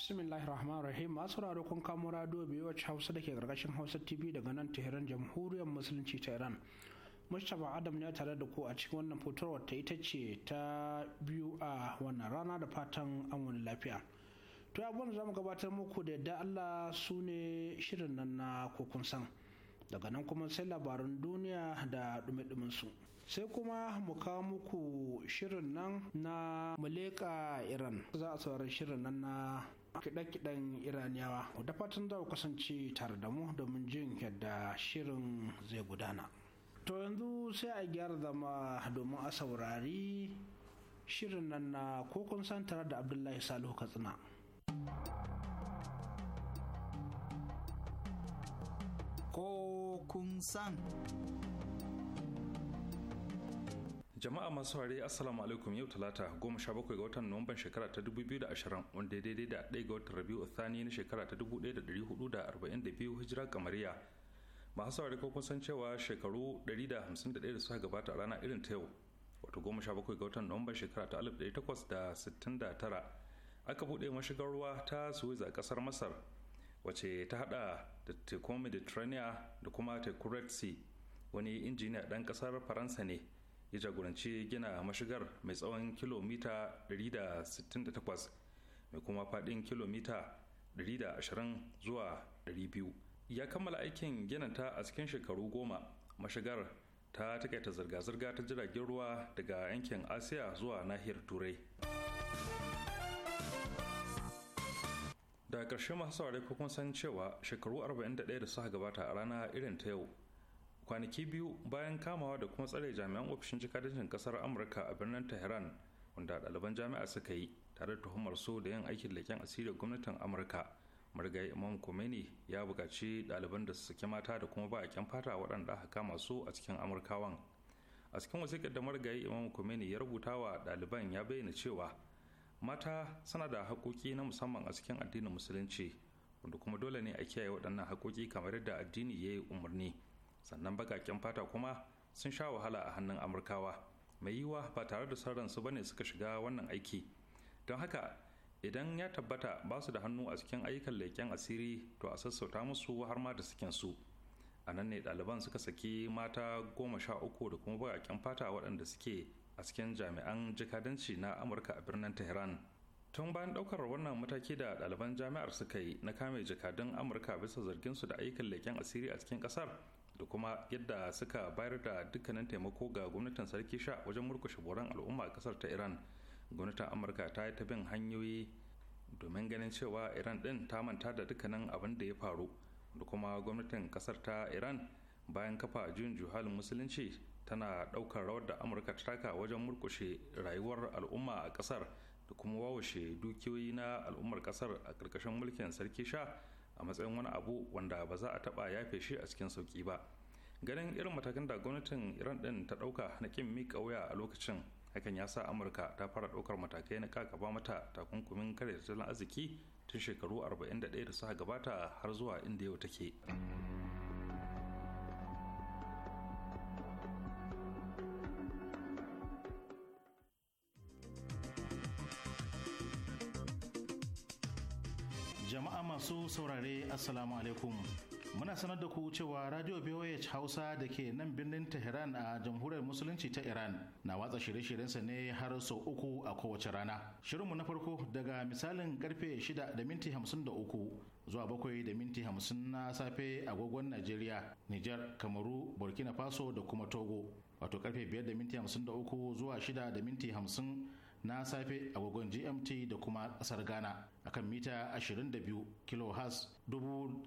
bismillahir rahmanir rahim masu raro kun kamo rado biyu wacce hausa da ke karkashin hausa tv daga nan tehran jamhuriyar musulunci ta iran mustapha adam ne tare da ku a cikin wannan fitowar ta ita ce ta biyu a wannan rana da fatan an lafiya to abubuwan za mu gabatar muku da yadda allah su ne shirin nan na kokun san daga nan kuma sai labarun duniya da dumi su sai kuma mu kawo muku shirin nan na muleka iran za a saurari shirin nan na kiɗe-kiɗen iraniyawa da fatan za ku kasance tare da mu domin jin yadda shirin zai gudana to yanzu sai a gyara zama domin a saurari shirin nan na kokon tare da abdullahi salihu katsina kun san jama'a masu ware assalamu alaikum yau talata goma sha bakwai ga watan nuwamban shekara ta dubu biyu da ashirin wanda ya daidai da ɗaya ga watan rabiu tsani na shekara ta dubu ɗaya da ɗari hudu da arba'in da biyu hijira kamariya masu ware ko kun san cewa shekaru ɗari da hamsin da ɗaya da suka gabata a rana irin ta yau wato goma sha bakwai ga watan nuwamban shekara ta alif ɗari takwas da sittin da tara aka buɗe mashigar ruwa ta suwiz a ƙasar masar wace ta haɗa da tekun mediterranean da kuma tekun red sea wani injiniya ɗan ƙasar faransa ne ya jagoranci gina mashigar mai tsawon kilomita 168 mai kuma faɗin kilomita 120 zuwa 200 ya kammala aikin ta a cikin shekaru goma mashigar ta takaita zirga-zirga ta jiragen ruwa daga yankin asiya zuwa nahiyar turai daga ƙarshe masu saurari kun san cewa shekaru 41 da suka gabata a rana irin ta yau kwanaki biyu bayan kamawa da kuma tsare jami'an ofishin jikadancin kasar amurka a birnin tehran wanda ɗaliban jami'a suka yi tare da tuhumar su da yin aikin leƙen asirin gwamnatin amurka marigayi imam khomeini ya buƙaci ɗaliban da su saki mata da kuma baƙaƙen fata waɗanda aka kama su a cikin amurkawan a cikin wasiƙar da marigayi imam khomeini ya rubuta wa ɗaliban ya bayyana cewa mata suna da haƙoƙi na musamman a cikin addinin musulunci wanda kuma dole ne a kiyaye waɗannan haƙoƙi kamar yadda addini ya yi umarni sannan bakaken fata kuma sun sha wahala a hannun amurkawa mai yiwuwa ba tare da sauran su bane suka shiga wannan aiki don haka idan ya tabbata ba su da hannu a cikin ayyukan leƙen asiri to a sassauta musu har ma da sukin su a nan ne ɗaliban suka saki mata goma sha uku da kuma bakaken fata waɗanda suke a cikin jami'an jikadanci na amurka a birnin tehran tun bayan ɗaukar wannan mataki da ɗaliban jami'ar suka yi na kame jakadun amurka bisa zarginsu da ayyukan leƙen asiri a cikin ƙasar da kuma yadda suka bayar da dukkanin taimako ga gwamnatin sarki sha wajen murkushe boran al'umma a kasar ta iran gwamnatin amurka ta yi ta bin hanyoyi domin ganin cewa iran din ta manta da dukkanin abin da ya faru da kuma gwamnatin kasar ta iran bayan kafa juyin juhalin musulunci tana daukar rawar da amurka ta taka wajen murkushe rayuwar al'umma a kasar da kuma wawashe dukiyoyi na al'ummar kasar a karkashin mulkin sarki sha a matsayin wani abu wanda ba za a taɓa yafe shi a cikin sauki ba ganin irin matakan da gwamnatin iran ɗin ta ɗauka na kin miƙa wuya a lokacin hakan ya sa amurka ta fara ɗaukar matakai na kakaba mata takunkumin kare tattalin arziki tun shekaru 41 da suka gabata har zuwa inda yau take saurare assalamu alaikum muna sanar da ku cewa radio voh hausa da ke nan birnin tehran a jamhuriyar musulunci ta iran na watsa shirye-shiryensa ne har sau uku a kowace rana shirinmu na farko daga misalin karfe 6 da minti 53 zuwa 7 da minti 50 na safe agogon najeriya Niger, kamaru burkina faso da kuma togo wato karfe 5 da minti 53 zuwa 6 da minti 50 na safe agogon gmt da kuma kasar ghana akan mita 22 kilohertz 13710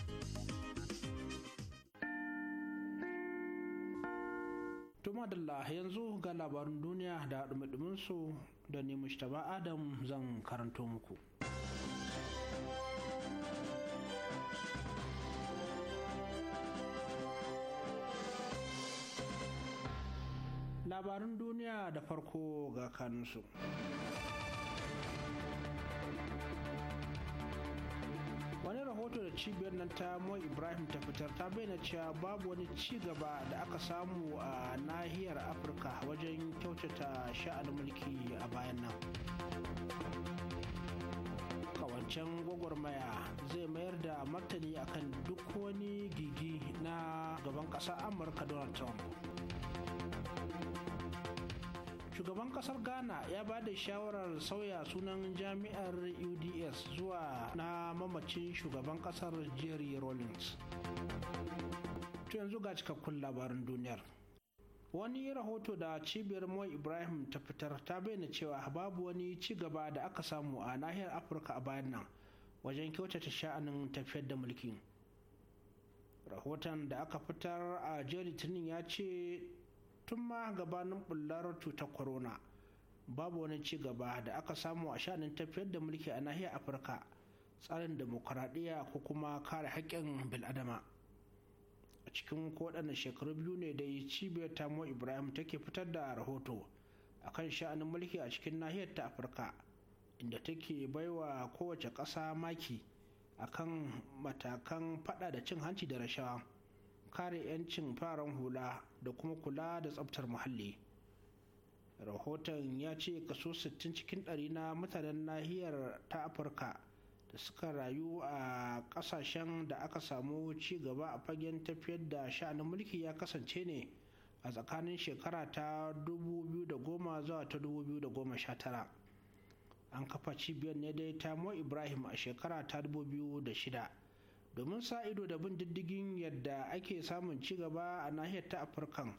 to madalla yanzu ga labarin duniya da dumi su da ni mushtaba adam zan karanto muku labarin duniya da farko ga kanunsu rahoto da cibiyar nan ta mo ibrahim ta fitar ta bayyana cewa babu wani ci gaba da aka samu a nahiyar afirka wajen kyautata sha'anin mulki a bayan nan kawancen gwagwarmaya zai mayar da martani akan duk wani gigi na gaban ƙasar amurka donald trump shugaban kasar ghana ya ba da shawarar sauya sunan jami'ar uds zuwa na mamacin shugaban kasar jerry rawlings to yanzu ga cikakkun labarin duniyar wani rahoto da cibiyar Moi ibrahim ta fitar ta bayyana cewa babu wani ci gaba da aka samu a nahiyar afirka a bayan nan wajen kyautata sha'anin tafiyar da mulki rahoton da aka fitar a jiya litinin ya ce tun ma gabanin bullar cutar corona babu wani ci gaba da aka samu a shanin tafiyar da mulki a nahiyar afirka tsarin demokuraɗiyya ko kuma kare haƙƙin bil'adama a cikin waɗannan shekaru biyu ne da cibiyar tamo ibrahim take fitar da rahoto a kan sha'anin mulki a cikin nahiyar ta afirka inda take baiwa kowace ƙasa maki akan matakan faɗa da cin hanci da rashawa kare 'yancin faran hula da kuma kula da tsabtar muhalli rahoton ya ce kaso 60 cikin ɗari na mutanen nahiyar ta afirka da suka rayu a ƙasashen da aka samu ci gaba a fagen tafiyar da sha'anin mulki ya kasance ne a tsakanin shekara ta 2010 zuwa ta 2019 an kafa cibiyar ne dai ta mo ibrahim a shekara ta 2006 domin sa ido da bin diddigin yadda ake samun ci gaba a nahiyar ta afirkan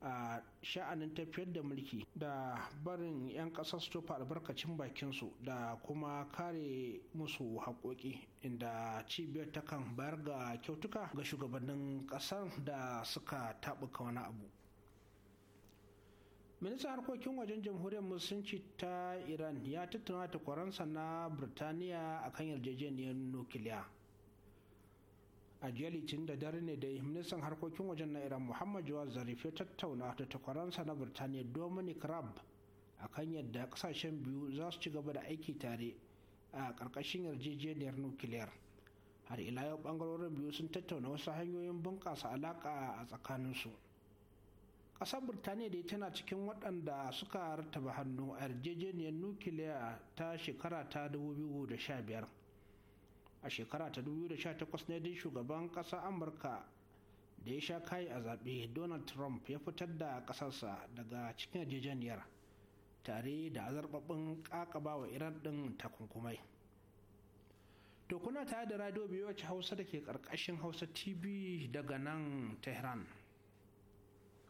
a sha'anin tafiyar da mulki da barin 'yan ƙasar su tofa albarkacin bakinsu da kuma kare musu haƙoƙi inda cibiyar ta kan bayar ga kyautuka ga shugabannin ƙasar da suka taɓuka wani abu ministan harkokin wajen jamhuriyar musulunci ta iran ya tattauna takwaransa na birtaniya akan yarjejeniyar nukiliya a jiya litinin da dare ne da ministan harkokin wajen na iran muhammad jawar zarif ya tattauna da takwaransa na birtaniya dominic a kan yadda kasashen biyu za su ci gaba da aiki tare a ƙarƙashin yarjejeniyar nukiliyar har ila yau ɓangarorin biyu sun tattauna wasu hanyoyin bunƙasa alaƙa a tsakaninsu ƙasar birtaniya dai tana cikin waɗanda suka rattaba hannu a yarjejeniyar nukiliya ta shekara ta sha biyar. a shekara ta 2018 ne dai shugaban ƙasa amurka da ya sha kai a zaɓe donald trump ya fitar da ƙasarsa daga cikin yarjejeniyar tare da azarbabin ƙaƙaba wa iran ɗin takunkumai to kuna tare da radio biyu hausa da ke ƙarƙashin hausa tv daga nan tehran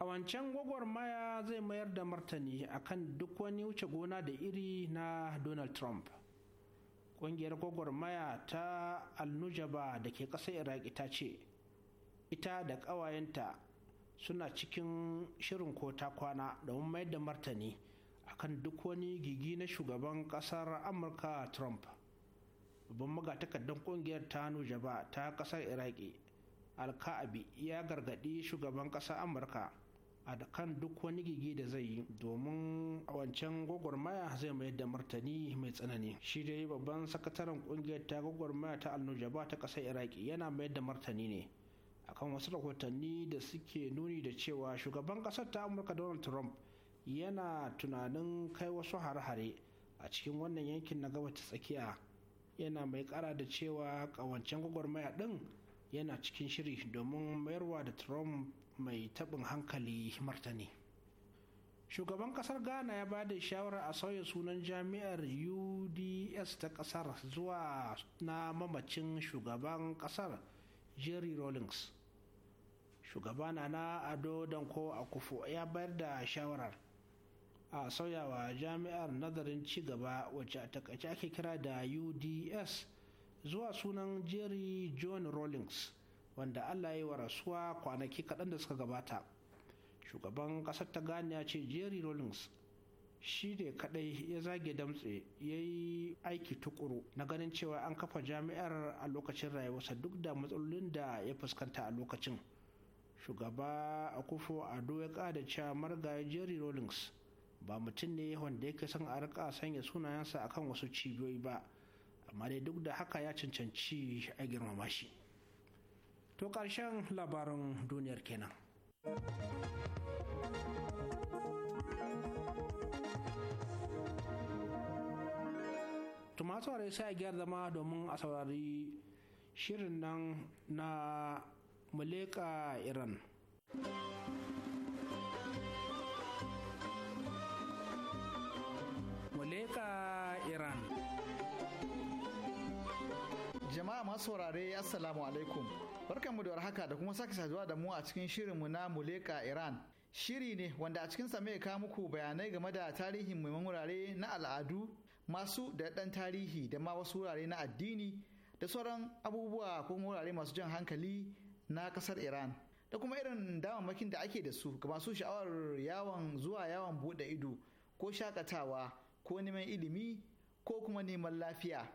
a wancan gwagwarmaya zai mayar da martani akan duk wani wuce gona da iri na donald trump ƙungiyar gwagwarmaya ta alnujaba da ke ƙasar iraki ta ce ita da ƙawayenta suna cikin shirin ko ta kwana domin mayar da martani akan duk wani gigi na shugaban ƙasar amurka trump babban magatakardar ƙungiyar ta nujaba ta ƙasar iraki alka'abi ya gargaɗi shugaban ƙasar amurka a kan duk wani gigi da zai yi domin a wancan gwagwarmaya zai mayar da martani mai tsanani shi dai babban sakataren kungiyar ta gwagwarmaya ta alnujaba ta ƙasar iraki yana mayar da martani ne akan wasu rahotanni da suke nuni da cewa shugaban kasar ta amurka donald trump yana tunanin kai wasu hare-hare a cikin wannan yankin na gabata tsakiya yana mai kara da cewa kawancen gwagwarmaya din yana cikin shiri domin mayarwa da trump mai taɓin hankali martani shugaban ƙasar ghana ya ba da shawarar a sauya sunan jami'ar uds ta ƙasar zuwa na mamacin shugaban ƙasar jerry rawlings shugaba na na ado a kufu ya bayar da shawarar a sauyawa jami'ar nazarin cigaba wacce a takaice ake kira da uds zuwa sunan jerry john rawlings wanda allah ya yi wa rasuwa kwanaki kaɗan da suka gabata shugaban ƙasar ta gani ya ce jerry rollins shi ne kaɗai ya zage damtse ya yi aiki tukuru na ganin cewa an kafa jami'ar a lokacin rayuwarsa duk da matsalolin da ya fuskanta a lokacin shugaba a kufo ado ya kada cewa margaye jerry rollins ba mutum ne wanda yake son a rika sanya sunayensa akan wasu cibiyoyi ba amma dai duk da haka ya cancanci a girmama shi to ƙarshen labarin duniyar kenan. Tumatu da sai a gyar zama domin a saurari shirin nan na Muleka Iran. Muleka Iran. Jama'a masu saurare Assalamu alaikum. mu da warhaka da kuma sake saduwa da mu a cikin shirinmu na Muleka Iran. Shiri ne wanda a cikin sa mai kawo muku bayanai game da tarihin muhimman wurare na al'adu masu da dan tarihi da ma wasu wurare na addini da sauran abubuwa ko wurare masu jan hankali na ƙasar Iran. Da kuma irin damammakin da ake da su ga masu sha'awar yawon zuwa yawon buɗe ido ko shakatawa ko neman ilimi ko kuma neman lafiya.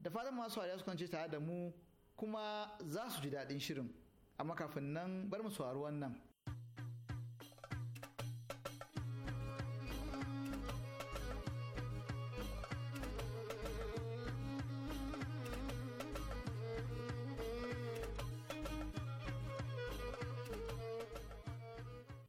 Da fatan masu wariya su kwance tare da mu kuma za su ji daɗin shirin amma kafin nan bar mu saurari wannan.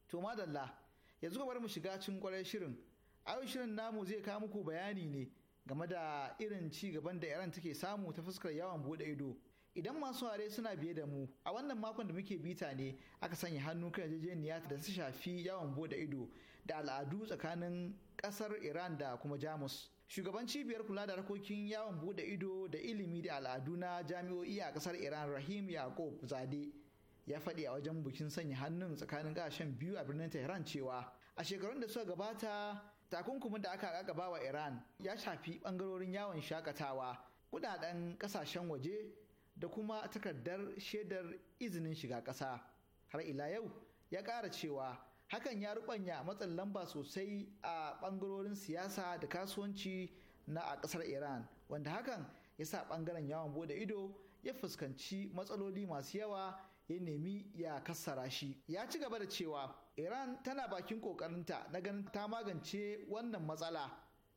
To madalla yanzu ka bar mu shiga cikin kwarar shirin. Ayo shirin namu zai kawo muku bayani ne game da irin ci gaban da Iran take samu ta fuskar yawon bude ido idan masu ware suna biye da mu a wannan makon da muke bita ne aka sanya hannu kan yarjejeniya da su shafi yawon bude ido da al'adu tsakanin kasar iran da kuma jamus shugaban cibiyar kula da harkokin yawon bude ido da ilimi da al'adu na jami'o'i a kasar iran rahim yakub zade ya faɗi a wajen bikin sanya hannun tsakanin ƙasashen biyu a birnin tehran cewa a shekarun da suka gabata takunkumin da aka gaba wa iran ya shafi ɓangarorin yawon shakatawa kudaden ƙasashen waje da kuma takardar shaidar izinin shiga ƙasa har ila yau ya ƙara cewa hakan ya rubanya matsin lamba sosai a ɓangarorin siyasa da kasuwanci na a ƙasar iran wanda hakan ya sa ɓangaren yawon bude ido ya fuskanci matsaloli masu yawa ya nemi ya kassara shi ya ci gaba da cewa iran tana bakin ƙoƙarinta na ganin ta magance wannan matsala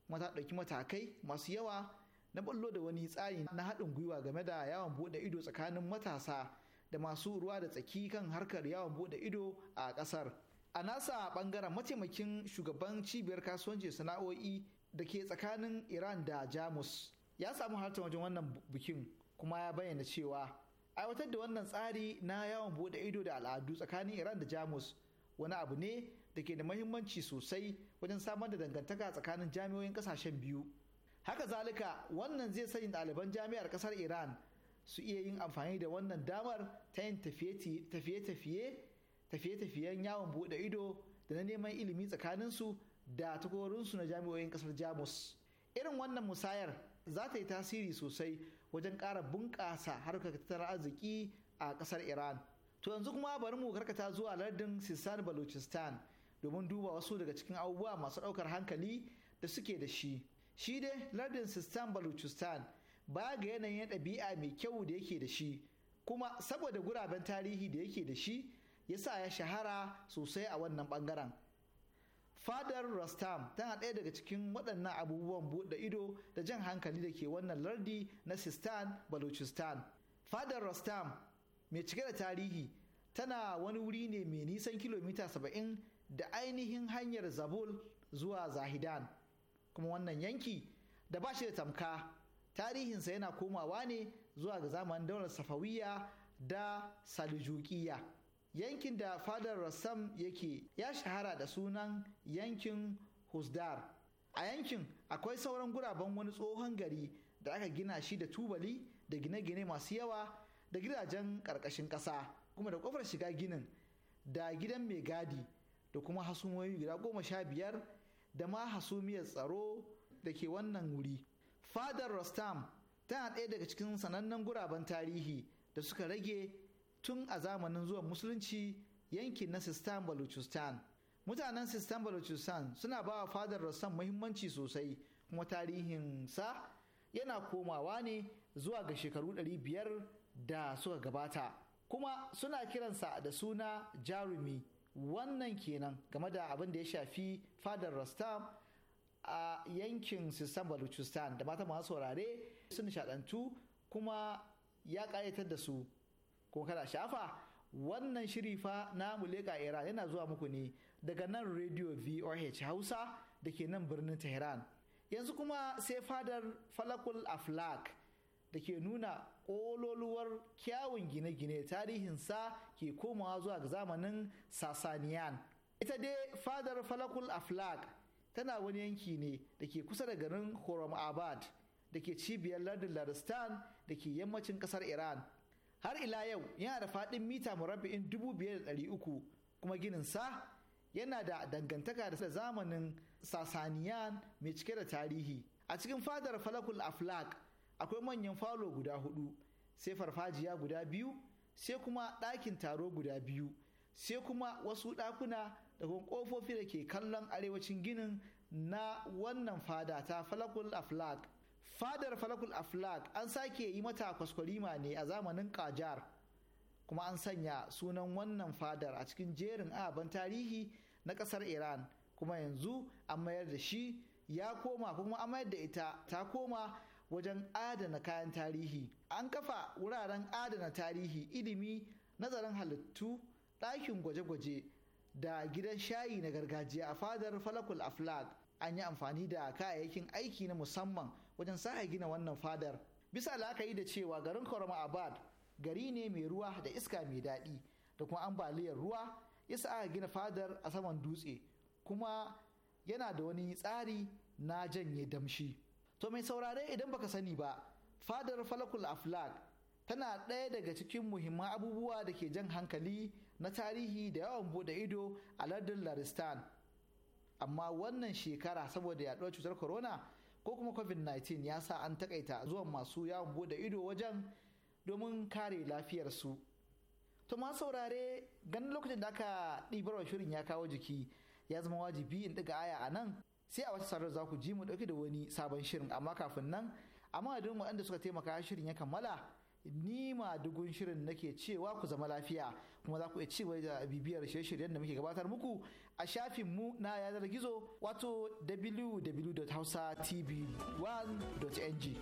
ta ɗauki matakai masu yawa na ballo da wani tsari na haɗin gwiwa game da yawon buɗe ido tsakanin matasa da masu ruwa da tsaki kan harkar yawon buɗe ido a ƙasar. A nasa ɓangaren mataimakin shugaban cibiyar kasuwanci sana'o'i da ke tsakanin Iran da Jamus ya samu halartar wajen wannan bikin kuma ya bayyana cewa aiwatar da wannan tsari na yawon buɗe ido da al'adu tsakanin Iran da Jamus wani abu ne da ke da mahimmanci sosai wajen samar da dangantaka tsakanin jami'o'in ƙasashen biyu haka zalika wannan zai sanya ɗaliban jami'ar ƙasar iran su iya yin amfani da wannan damar ta yin tafiye-tafiyen tafiye tafiye yawon buɗe ido da na neman ilimi tsakaninsu da takwarorinsu na jami'o'in ƙasar jamus irin wannan musayar za ta yi tasiri sosai wajen ƙara bunƙasa harkar tattalin arziki a ƙasar iran to yanzu kuma bari mu karkata zuwa lardin sistan balochistan domin duba wasu daga cikin abubuwa masu ɗaukar hankali da suke da shi shi dai lardin sistan baluchistan ba ga yanayin ɗabi'a mai kyau da yake da shi kuma saboda guraben tarihi da yake da shi yasa ya shahara sosai a wannan bangaren fadar rastam tana ɗaya daga cikin waɗannan abubuwan buɗe ido da jan hankali da ke wannan lardi na sistan baluchistan fadar rastam mai cike da tarihi tana wani wuri ne mai nisan kilomita 70 da ainihin hanyar zabul zuwa zahidan kuma wannan yanki da ba shi da tamka tarihinsa yana komawa ne zuwa ga zamanin daular safawiya da salijukiya yankin da fadar rassam yake ya shahara da sunan yankin husdar a yankin akwai sauran guraben wani tsohon gari da aka gina shi da tubali da gine-gine masu yawa da gidajen ƙarƙashin ƙasa kuma da ƙofar shiga ginin da gidan mai gadi da kuma hasumoyi guda goma sha biyar da ma hasumiyar tsaro da ke wannan wuri fadar rostam tana ɗaya daga cikin sanannen guraben tarihi da suka rage tun a zamanin zuwan musulunci yankin na sistan baluchistan mutanen sistan baluchistan suna ba wa fadar rostam muhimmanci sosai kuma tarihinsa yana komawa ne zuwa ga shekaru 500 da suka gabata kuma suna kiransa da suna jarumi wannan kenan game da abin da ya shafi fadar rasta a yankin sistan baluchistan da mata masu saurare sun nishadantu kuma ya ƙayatar da su ko kada shafa wannan shiri fa na muleka iran yana zuwa muku ne daga nan radio voh hausa da ke nan birnin tehran yanzu kuma sai fadar falakul aflak da ke nuna ololuwar kyawun gine-gine tarihinsa ke komawa zuwa ga zamanin sasaniyan ita dai fadar falakul aflak tana wani yanki ne da ke kusa da garin horam abad da ke cibiyar lardin laristan da ke yammacin kasar iran har ila yau yana da fadin mita murabba'in uku kuma ginin sa yana da dangantaka da zamanin sasaniyan mai cike da tarihi a cikin fadar falakul aflak akwai manyan falo guda hudu sai farfajiya guda biyu sai kuma ɗakin taro guda biyu sai kuma wasu ɗakuna da kuma ƙofofi da ke kallon arewacin ginin na wannan fada ta falakul aflak fadar falakul aflak an sake yi mata kwaskwarima ne a zamanin kajar kuma an sanya sunan wannan fadar a cikin jerin ababen tarihi na ƙasar iran kuma yanzu an mayar da shi ya koma kuma an mayar da ita ta koma wajen adana kayan tarihi an kafa wuraren adana tarihi ilimi nazarin halittu ɗakin gwaje-gwaje da gidan shayi na gargajiya a fadar falakul aflag an yi amfani da kayayyakin aiki na musamman wajen sa gina wannan fadar bisa la'akari da cewa garin kwarama abad gari ne mai ruwa da iska mai daɗi da kuma ambaliyar ruwa ya aka gina fadar a saman dutse kuma yana da wani tsari na janye damshi. to mai saurare idan baka sani ba fadar falakul aflak tana ɗaya daga cikin muhimman abubuwa da ke jan hankali na tarihi da yawan bude ido a lardin laristan amma wannan shekara saboda yaɗuwar cutar corona ko kuma covid-19 ya sa an takaita zuwan masu yawon bude ido wajen domin kare lafiyarsu to ma saurare ganin lokacin da aka ɗibarwa shirin ya kawo jiki ya zama wajibi in ɗiga aya a nan sai a wata sarar za ku ji mu dauke da wani sabon shirin amma kafin nan a madadin waɗanda suka taimaka shirin ya kammala ni ma dugun shirin nake cewa ku zama lafiya kuma za ku iya cewa da bibiyar shirye-shiryen da muke gabatar muku a shafin mu na yanar gizo wato www.hausatv1.ng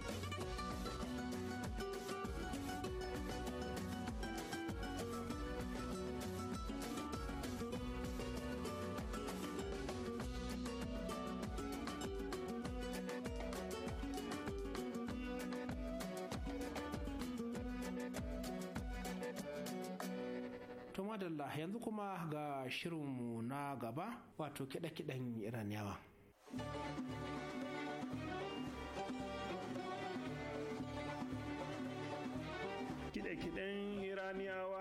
Allah yanzu kuma ga shirinmu na gaba wato kiɗe-kiɗen iraniyawa kiɗe-kiɗen iraniyawa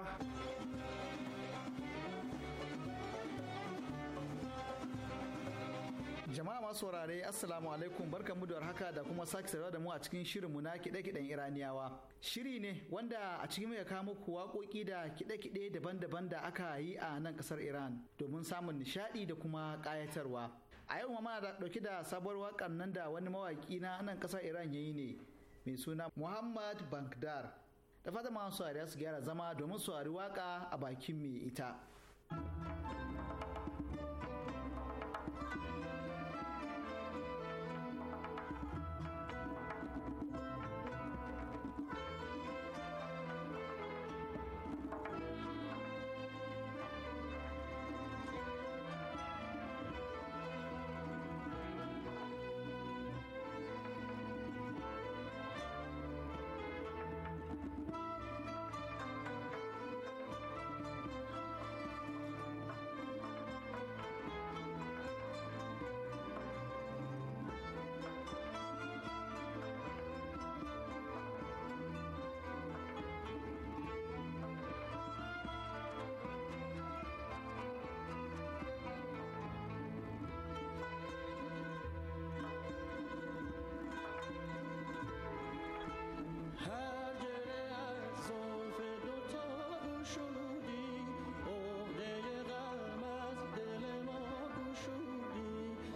Jama'a masu saurare Assalamu alaikum barkanmu da haka da kuma sake saurara da mu a cikin shirinmu na kiɗe-kiɗen Iraniyawa. Shiri ne wanda a cikin mai kawo muku waƙoƙi da kiɗe-kiɗe daban-daban da aka yi a nan kasar Iran domin samun nishaɗi da kuma ƙayatarwa. A yau ma da ɗauki da sabuwar waƙar nan da wani mawaƙi na nan kasar Iran ya yi ne mai suna Muhammad Bankdar. Da fata masu saurare su gyara zama domin su wari waƙa a bakin mai ita.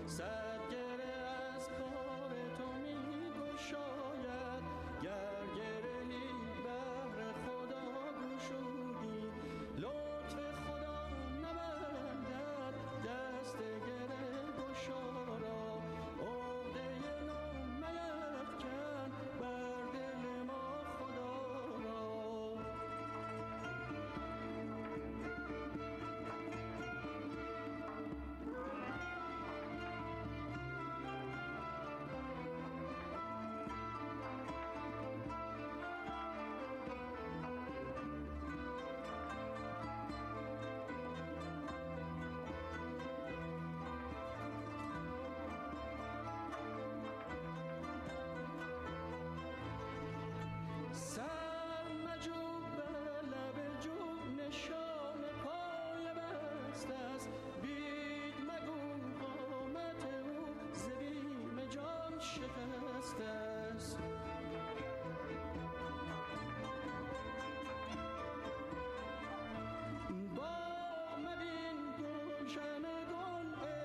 Sir با مدین گلشن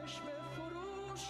عشق فروش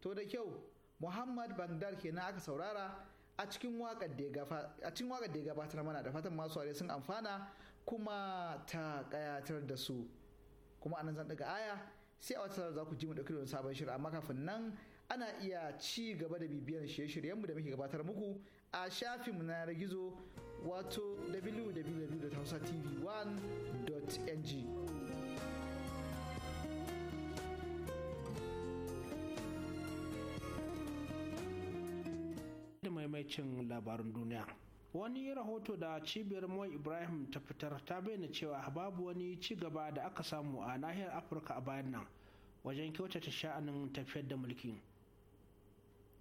to da kyau muhammad ke kenan aka saurara a cikin wakar da ya gabatar mana da fatan masu ware sun amfana kuma ta kayatar da su kuma anan zan daga aya sai a wata za ku ji mu dauki da sabon shirin amma kafin nan ana iya ci gaba da bibiyar shirye shiryen mu da muke gabatar muku a shafin na yanar gizo wato www.hausatv1.ng maimaicin labarin duniya wani rahoto da cibiyar mai ibrahim ta fitar ta bayyana cewa babu wani ci gaba da aka samu a nahiyar afirka a bayan nan wajen kyautata sha'anin tafiyar da mulki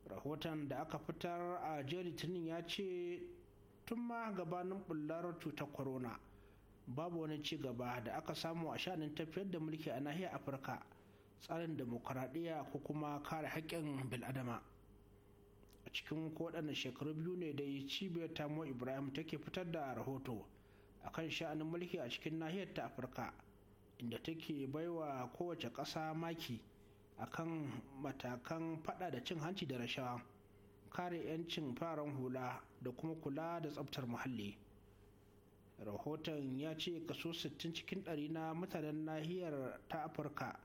rahoton da aka fitar a jiya litinin ya ce tun ma gabanin bullar cutar corona babu wani ci gaba da aka samu a sha'anin tafiyar da mulki a nahiyar afirka tsarin demokuraɗiyya ko kuma kare haƙƙin bil'adama a cikin waɗannan shekaru biyu ne dai cibiyar tamo ibrahim take fitar da rahoto a kan sha'anin mulki a cikin nahiyar ta afirka inda take baiwa kowace ƙasa maki a kan matakan fada da cin hanci da rashawa kare 'yancin fararen hula da kuma kula da tsabtar muhalli rahoton ya ce kaso 60 cikin ɗari na mutanen nahiyar ta afirka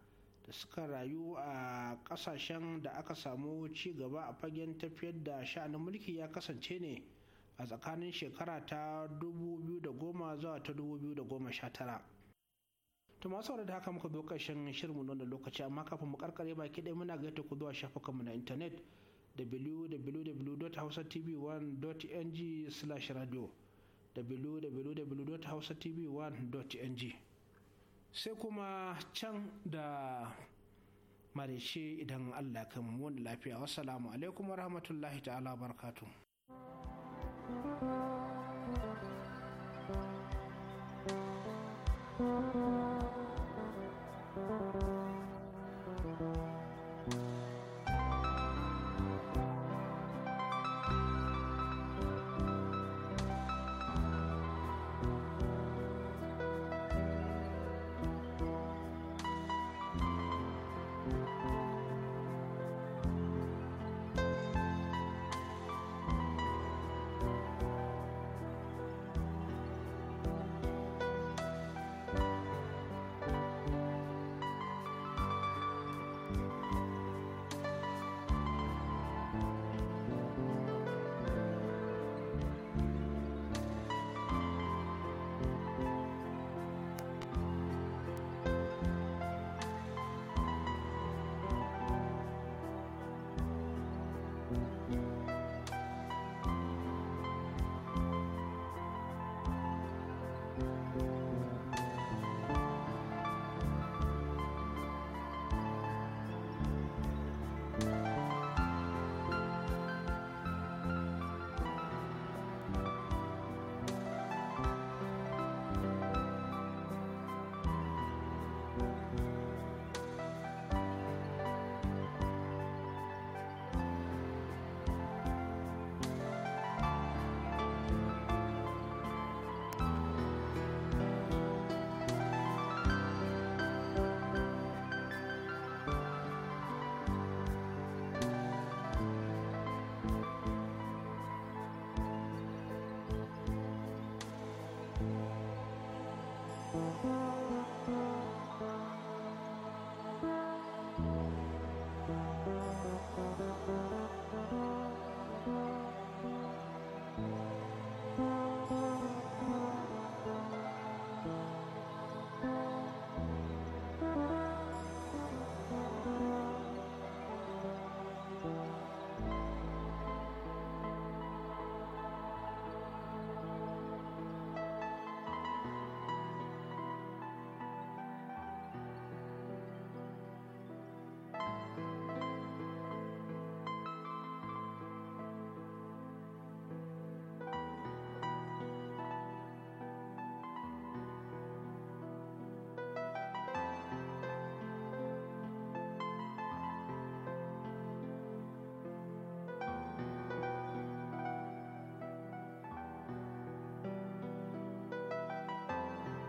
da suka rayu a kasashen da aka samu ci gaba a fagen tafiyar da sha'anin mulki ya kasance ne a tsakanin shekara ta 2010 zuwa ta 2019 to masu da haka muka zo ƙarshen shirin mu da lokaci amma kafin mu karkare baki ɗaya muna gaita ku zuwa shafukanmu na intanet www.hausatv1.ng/radio www.hausatv1.ng sai kuma can da marece idan allah kan wani lafiya wasu alaikum wa rahmatullahi ta'ala barkatu